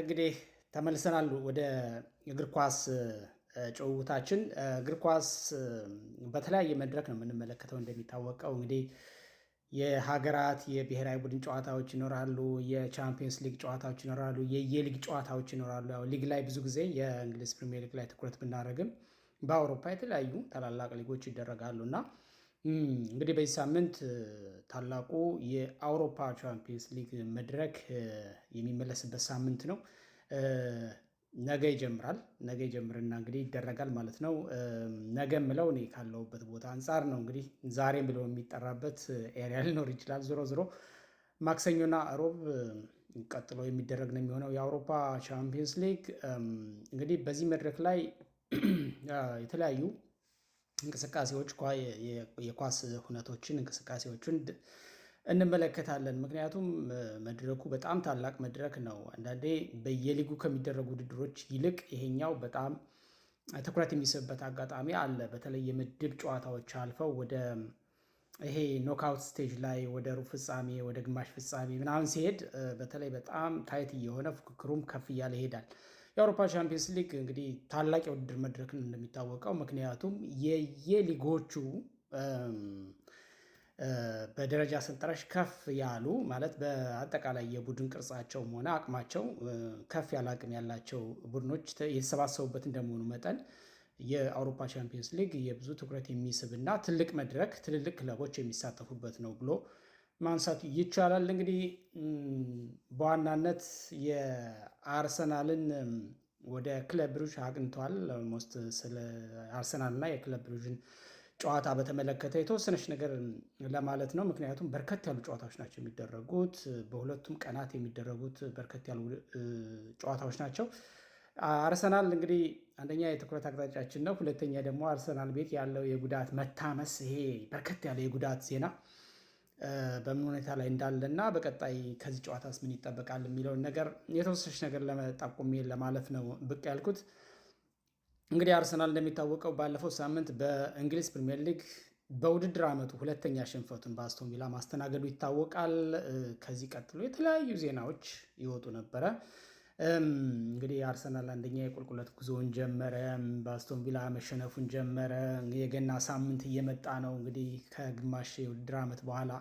እንግዲህ ተመልሰናል ወደ እግር ኳስ ጭውውታችን። እግር ኳስ በተለያየ መድረክ ነው የምንመለከተው። እንደሚታወቀው እንግዲህ የሀገራት የብሔራዊ ቡድን ጨዋታዎች ይኖራሉ፣ የቻምፒየንስ ሊግ ጨዋታዎች ይኖራሉ፣ የየሊግ ጨዋታዎች ይኖራሉ። ያው ሊግ ላይ ብዙ ጊዜ የእንግሊዝ ፕሪሚየር ሊግ ላይ ትኩረት ብናደርግም በአውሮፓ የተለያዩ ታላላቅ ሊጎች ይደረጋሉ እና እንግዲህ በዚህ ሳምንት ታላቁ የአውሮፓ ቻምፒየንስ ሊግ መድረክ የሚመለስበት ሳምንት ነው። ነገ ይጀምራል። ነገ ይጀምርና እንግዲህ ይደረጋል ማለት ነው። ነገ ምለው እኔ ካለሁበት ቦታ አንጻር ነው። እንግዲህ ዛሬ ብለው የሚጠራበት ኤሪያ ሊኖር ይችላል። ዞሮ ዞሮ ማክሰኞና ሮብ ቀጥሎ የሚደረግ ነው የሚሆነው የአውሮፓ ቻምፒየንስ ሊግ። እንግዲህ በዚህ መድረክ ላይ የተለያዩ እንቅስቃሴዎች የኳስ ሁነቶችን እንቅስቃሴዎችን እንመለከታለን። ምክንያቱም መድረኩ በጣም ታላቅ መድረክ ነው። አንዳንዴ በየሊጉ ከሚደረጉ ውድድሮች ይልቅ ይሄኛው በጣም ትኩረት የሚስብበት አጋጣሚ አለ። በተለይ የምድብ ጨዋታዎች አልፈው ወደ ይሄ ኖክአውት ስቴጅ ላይ ወደ ሩብ ፍጻሜ፣ ወደ ግማሽ ፍጻሜ ምናምን ሲሄድ በተለይ በጣም ታይት እየሆነ ፉክክሩም ከፍ እያለ ይሄዳል። የአውሮፓ ቻምፒየንስ ሊግ እንግዲህ ታላቅ የውድድር መድረክ እንደሚታወቀው። ምክንያቱም የየሊጎቹ በደረጃ ሰንጠረዥ ከፍ ያሉ ማለት በአጠቃላይ የቡድን ቅርጻቸውም ሆነ አቅማቸው ከፍ ያለ አቅም ያላቸው ቡድኖች የተሰባሰቡበት እንደመሆኑ መጠን የአውሮፓ ቻምፒየንስ ሊግ የብዙ ትኩረት የሚስብ እና ትልቅ መድረክ ትልልቅ ክለቦች የሚሳተፉበት ነው ብሎ ማንሳት ይቻላል። እንግዲህ በዋናነት የአርሰናልን ወደ ክለብ ብሩዥ አቅንተዋል። ኦልሞስት ስለ አርሰናልና የክለብ ብሩዥን ጨዋታ በተመለከተ የተወሰነች ነገር ለማለት ነው። ምክንያቱም በርከት ያሉ ጨዋታዎች ናቸው የሚደረጉት፣ በሁለቱም ቀናት የሚደረጉት በርከት ያሉ ጨዋታዎች ናቸው። አርሰናል እንግዲህ አንደኛ የትኩረት አቅጣጫችን ነው። ሁለተኛ ደግሞ አርሰናል ቤት ያለው የጉዳት መታመስ፣ ይሄ በርከት ያለ የጉዳት ዜና በምን ሁኔታ ላይ እንዳለ እና በቀጣይ ከዚህ ጨዋታስ ምን ይጠበቃል የሚለውን ነገር የተወሰነች ነገር ለመጣቆሜ ለማለፍ ነው ብቅ ያልኩት። እንግዲህ አርሰናል እንደሚታወቀው ባለፈው ሳምንት በእንግሊዝ ፕሪምየር ሊግ በውድድር ዓመቱ ሁለተኛ ሽንፈቱን በአስቶን ቪላ ማስተናገዱ ይታወቃል። ከዚህ ቀጥሎ የተለያዩ ዜናዎች ይወጡ ነበረ። እንግዲህ አርሰናል አንደኛ የቁልቁለት ጉዞውን ጀመረ። በአስቶን ቪላ መሸነፉን ጀመረ። የገና ሳምንት እየመጣ ነው። እንግዲህ ከግማሽ የውድድር ዓመት በኋላ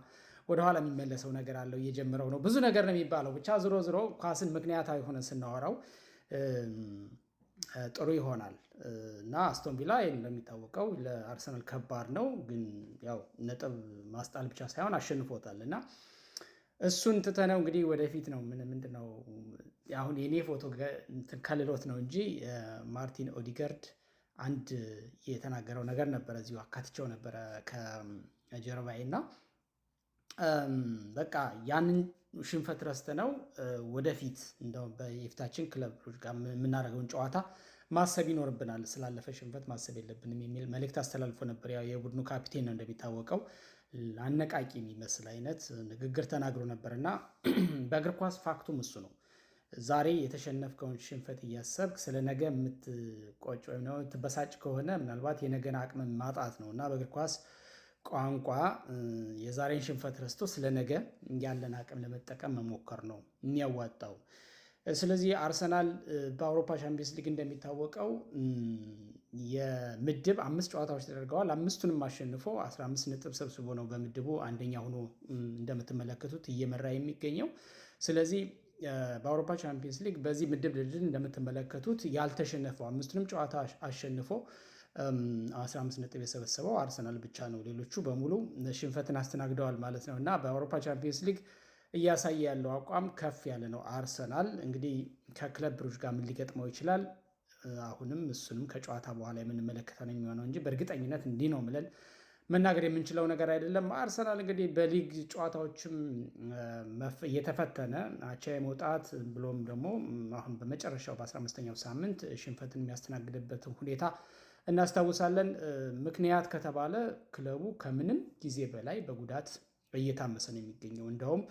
ወደኋላ የሚመለሰው ነገር አለው። እየጀመረው ነው። ብዙ ነገር ነው የሚባለው። ብቻ ዝሮ ዝሮ ኳስን ምክንያታዊ ሆነን ስናወራው ጥሩ ይሆናል እና አስቶን ቪላ እንደሚታወቀው ለአርሰናል ከባድ ነው፣ ግን ያው ነጥብ ማስጣል ብቻ ሳይሆን አሸንፎታል እና እሱን ትተነው እንግዲህ ወደፊት ነው ምንድነው አሁን የኔ ፎቶ ከልሎት ነው እንጂ ማርቲን ኦዲገርድ አንድ የተናገረው ነገር ነበረ። እዚሁ አካትቸው ነበረ ከጀርባዬ እና በቃ ያንን ሽንፈት ረስተ ነው ወደፊት እንደው በየፊታችን ክለብ ጋር የምናደርገውን ጨዋታ ማሰብ ይኖርብናል፣ ስላለፈ ሽንፈት ማሰብ የለብንም የሚል መልእክት አስተላልፎ ነበር። ያው የቡድኑ ካፒቴን ነው እንደሚታወቀው፣ አነቃቂ የሚመስል አይነት ንግግር ተናግሮ ነበር እና በእግር ኳስ ፋክቱም እሱ ነው። ዛሬ የተሸነፍከውን ሽንፈት እያሰብክ ስለ ነገ የምትቆጭ ወይም የምትበሳጭ ከሆነ ምናልባት የነገን አቅም ማጣት ነው እና በእግር ኳስ ቋንቋ የዛሬን ሽንፈት ረስቶ ስለ ነገ ያለን አቅም ለመጠቀም መሞከር ነው የሚያዋጣው። ስለዚህ አርሰናል በአውሮፓ ሻምፒየንስ ሊግ እንደሚታወቀው የምድብ አምስት ጨዋታዎች ተደርገዋል። አምስቱንም አሸንፎ 15 ነጥብ ሰብስቦ ነው በምድቡ አንደኛ ሆኖ እንደምትመለከቱት እየመራ የሚገኘው። ስለዚህ በአውሮፓ ቻምፒየንስ ሊግ በዚህ ምድብ ድልድል እንደምትመለከቱት ያልተሸነፈው አምስቱንም ጨዋታ አሸንፎ 15 ነጥብ የሰበሰበው አርሰናል ብቻ ነው። ሌሎቹ በሙሉ ሽንፈትን አስተናግደዋል ማለት ነው እና በአውሮፓ ቻምፒየንስ ሊግ እያሳየ ያለው አቋም ከፍ ያለ ነው። አርሰናል እንግዲህ ከክለብ ብሩጅ ጋር ምን ሊገጥመው ይችላል? አሁንም እሱንም ከጨዋታ በኋላ የምንመለከተው ነው የሚሆነው እንጂ በእርግጠኝነት እንዲህ ነው ምለን መናገር የምንችለው ነገር አይደለም። አርሰናል እንግዲህ በሊግ ጨዋታዎችም እየተፈተነ አቻ የመውጣት ብሎም ደግሞ አሁን በመጨረሻው በ15ኛው ሳምንት ሽንፈትን የሚያስተናግድበት ሁኔታ እናስታውሳለን። ምክንያት ከተባለ ክለቡ ከምንም ጊዜ በላይ በጉዳት እየታመሰ ነው የሚገኘው። እንደውም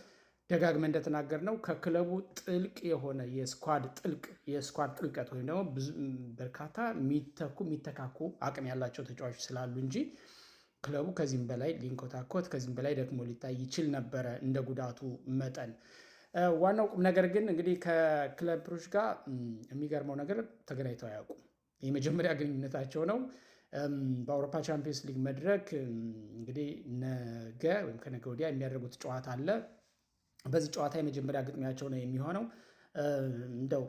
ደጋግመ እንደተናገር ነው ከክለቡ ጥልቅ የሆነ የስኳድ ጥልቅ የስኳድ ጥልቀት ወይም ደግሞ በርካታ የሚተኩ የሚተካኩ አቅም ያላቸው ተጫዋቾች ስላሉ እንጂ ክለቡ ከዚህም በላይ ሊንኮታኮት ከዚህም በላይ ደግሞ ሊታይ ይችል ነበረ እንደ ጉዳቱ መጠን። ዋናው ቁም ነገር ግን እንግዲህ ከክለብ ብሩዥ ጋር የሚገርመው ነገር ተገናኝተው አያውቁም። የመጀመሪያ ግንኙነታቸው ነው። በአውሮፓ ቻምፒየንስ ሊግ መድረክ እንግዲህ ነገ ወይም ከነገ ወዲያ የሚያደርጉት ጨዋታ አለ። በዚህ ጨዋታ የመጀመሪያ ግጥሚያቸው ነው የሚሆነው። እንደው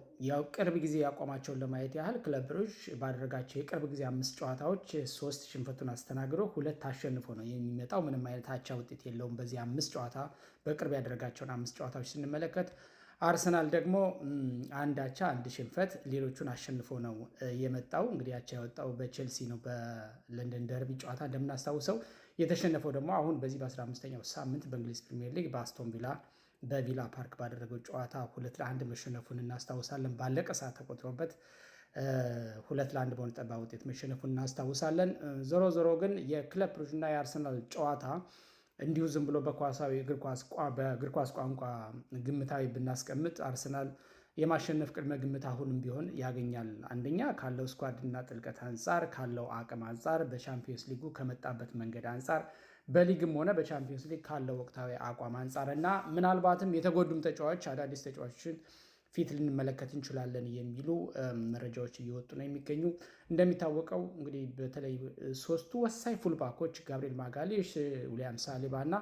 ቅርብ ጊዜ ያቋማቸውን ለማየት ያህል ክለብ ብሩዥ ባደረጋቸው የቅርብ ጊዜ አምስት ጨዋታዎች ሶስት ሽንፈቱን አስተናግዶ ሁለት አሸንፎ ነው የሚመጣው። ምንም አይነት አቻ ውጤት የለውም። በዚህ አምስት ጨዋታ በቅርብ ያደረጋቸውን አምስት ጨዋታዎች ስንመለከት አርሰናል ደግሞ አንድ አቻ፣ አንድ ሽንፈት፣ ሌሎቹን አሸንፎ ነው የመጣው። እንግዲህ አቻ የወጣው በቼልሲ ነው በለንደን ደርቢ ጨዋታ እንደምናስታውሰው። የተሸነፈው ደግሞ አሁን በዚህ በ15ኛው ሳምንት በእንግሊዝ ፕሪሚየር ሊግ በአስቶን ቪላ በቪላ ፓርክ ባደረገው ጨዋታ ሁለት ለአንድ መሸነፉን እናስታውሳለን። ባለቀ ሰዓት ተቆጥሮበት ሁለት ለአንድ በሆነ ጠባ ውጤት መሸነፉን እናስታውሳለን። ዞሮ ዞሮ ግን የክለብ ብሩዥና የአርሰናል ጨዋታ እንዲሁ ዝም ብሎ በኳሳዊ በእግር ኳስ ቋንቋ ግምታዊ ብናስቀምጥ አርሰናል የማሸነፍ ቅድመ ግምት አሁንም ቢሆን ያገኛል። አንደኛ ካለው ስኳድና ጥልቀት አንጻር፣ ካለው አቅም አንጻር፣ በሻምፒዮንስ ሊጉ ከመጣበት መንገድ አንጻር በሊግም ሆነ በቻምፒየንስ ሊግ ካለው ወቅታዊ አቋም አንጻር እና ምናልባትም የተጎዱም ተጫዋች አዳዲስ ተጫዋቾችን ፊት ልንመለከት እንችላለን የሚሉ መረጃዎች እየወጡ ነው የሚገኙ። እንደሚታወቀው እንግዲህ በተለይ ሶስቱ ወሳኝ ፉልባኮች ጋብሪኤል ማጋሌሽ፣ ዊሊያም ሳሊባ እና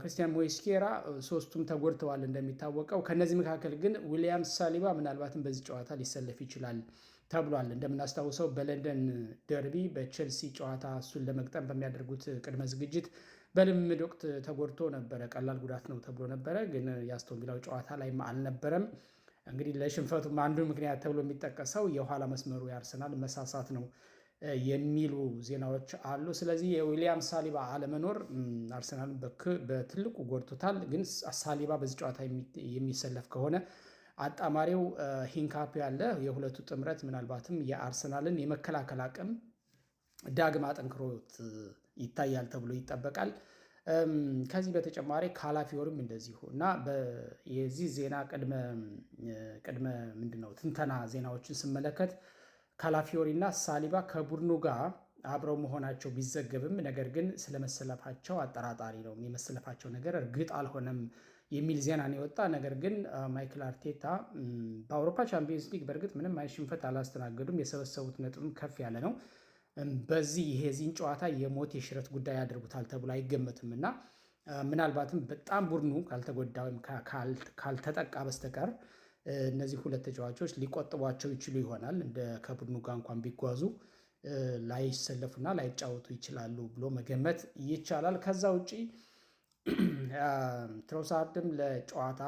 ክርስቲያን ሞይስኬራ ሶስቱም ተጎድተዋል እንደሚታወቀው። ከነዚህ መካከል ግን ዊሊያም ሳሊባ ምናልባትም በዚህ ጨዋታ ሊሰለፍ ይችላል ተብሏል። እንደምናስታውሰው በለንደን ደርቢ በቼልሲ ጨዋታ እሱን ለመግጠም በሚያደርጉት ቅድመ ዝግጅት በልምምድ ወቅት ተጎድቶ ነበረ። ቀላል ጉዳት ነው ተብሎ ነበረ፣ ግን የአስቶን ቪላው ጨዋታ ላይ አልነበረም። እንግዲህ ለሽንፈቱም አንዱ ምክንያት ተብሎ የሚጠቀሰው የኋላ መስመሩ የአርሰናል መሳሳት ነው። የሚሉ ዜናዎች አሉ። ስለዚህ የዊሊያም ሳሊባ አለመኖር አርሰናልን በትልቁ ጎድቶታል። ግን ሳሊባ በዚህ ጨዋታ የሚሰለፍ ከሆነ አጣማሪው ሂንካፕ ያለ የሁለቱ ጥምረት ምናልባትም የአርሰናልን የመከላከል አቅም ዳግም አጠንክሮት ይታያል ተብሎ ይጠበቃል። ከዚህ በተጨማሪ ካላፊዮርም እንደዚሁ እና የዚህ ዜና ቅድመ ምንድነው ትንተና ዜናዎችን ስመለከት ካላፊዮሪና ሳሊባ ከቡድኑ ጋር አብረው መሆናቸው ቢዘገብም ነገር ግን ስለመሰለፋቸው አጠራጣሪ ነው። የመሰለፋቸው ነገር እርግጥ አልሆነም የሚል ዜና ነው የወጣ። ነገር ግን ማይክል አርቴታ በአውሮፓ ቻምፒየንስ ሊግ በእርግጥ ምንም አይነት ሽንፈት አላስተናገዱም። የሰበሰቡት ነጥብም ከፍ ያለ ነው። በዚህ ይሄ ጨዋታ የሞት የሽረት ጉዳይ ያደርጉታል ተብሎ አይገመትም እና ምናልባትም በጣም ቡድኑ ካልተጎዳ ወይም ካልተጠቃ በስተቀር እነዚህ ሁለት ተጫዋቾች ሊቆጥቧቸው ይችሉ ይሆናል እንደ ከቡድኑ ጋር እንኳን ቢጓዙ ላይሰለፉና ላይጫወቱ ይችላሉ ብሎ መገመት ይቻላል። ከዛ ውጪ ትሮሳርድም ለጨዋታ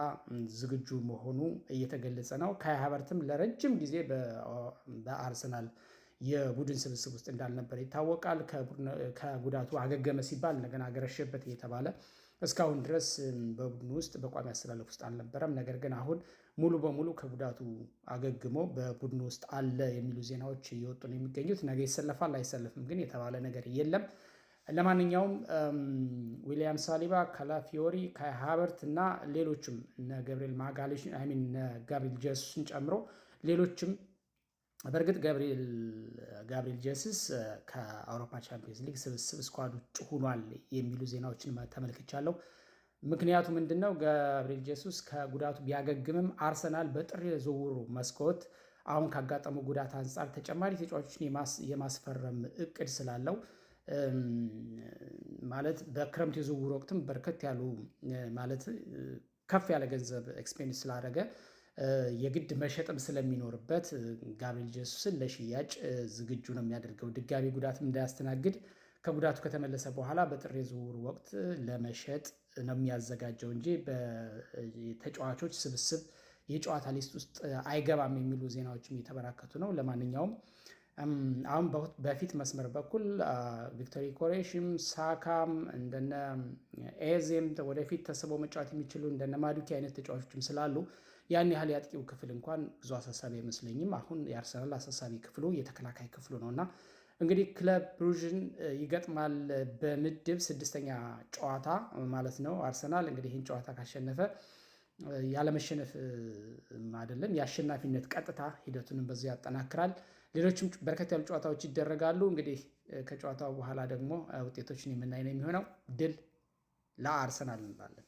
ዝግጁ መሆኑ እየተገለጸ ነው። ካይ ሃቨርትም ለረጅም ጊዜ በአርሰናል የቡድን ስብስብ ውስጥ እንዳልነበር ይታወቃል። ከጉዳቱ አገገመ ሲባል እንደገና አገረሸበት እየተባለ እስካሁን ድረስ በቡድኑ ውስጥ በቋሚ አሰላለፍ ውስጥ አልነበረም። ነገር ግን አሁን ሙሉ በሙሉ ከጉዳቱ አገግሞ በቡድን ውስጥ አለ የሚሉ ዜናዎች እየወጡ ነው የሚገኙት። ነገ ይሰለፋል አይሰለፍም ግን የተባለ ነገር የለም። ለማንኛውም ዊሊያም ሳሊባ፣ ካላፊዮሪ፣ ካይ ሃቨርት እና ሌሎችም እነ ገብርኤል ማጋሌሽ ሚን ጋብሪኤል ጀሱስን ጨምሮ ሌሎችም በእርግጥ ጋብሪኤል ጀስስ ከአውሮፓ ቻምፒየንስ ሊግ ስብስብ ስኳድ ውጭ ሆኗል የሚሉ ዜናዎችን ተመልክቻለሁ። ምክንያቱ ምንድን ነው? ጄሱስ ከጉዳቱ ቢያገግምም አርሰናል በጥር ዝውውሩ መስኮት አሁን ካጋጠመው ጉዳት አንጻር ተጨማሪ ተጫዋቾችን የማስፈረም እቅድ ስላለው ማለት በክረምት የዝውውር ወቅትም በርከት ያሉ ማለት ከፍ ያለ ገንዘብ ኤክስፔንስ ስላደረገ የግድ መሸጥም ስለሚኖርበት ጋብሪል ጄሱስን ለሽያጭ ዝግጁ ነው የሚያደርገው ድጋሚ ጉዳትም እንዳያስተናግድ ከጉዳቱ ከተመለሰ በኋላ በጥር ዝውውር ወቅት ለመሸጥ ነው የሚያዘጋጀው እንጂ በተጫዋቾች ስብስብ የጨዋታ ሊስት ውስጥ አይገባም የሚሉ ዜናዎችም እየተበራከቱ ነው። ለማንኛውም አሁን በፊት መስመር በኩል ቪክቶሪ ኮሬሽም ሳካም እንደነ ኤዜም ወደፊት ተስበው መጫወት የሚችሉ እንደነ ማዱኪ አይነት ተጫዋቾችም ስላሉ ያን ያህል የአጥቂው ክፍል እንኳን ብዙ አሳሳቢ አይመስለኝም። አሁን የአርሰናል አሳሳቢ ክፍሉ የተከላካይ ክፍሉ ነው እና እንግዲህ ክለብ ብሩዥን ይገጥማል በምድብ ስድስተኛ ጨዋታ ማለት ነው። አርሰናል እንግዲህ ይህን ጨዋታ ካሸነፈ ያለመሸነፍ አይደለም የአሸናፊነት ቀጥታ ሂደቱንም በዚ ያጠናክራል። ሌሎችም በርከት ያሉ ጨዋታዎች ይደረጋሉ። እንግዲህ ከጨዋታው በኋላ ደግሞ ውጤቶችን የምናይ ነው የሚሆነው። ድል ለአርሰናል እንላለን።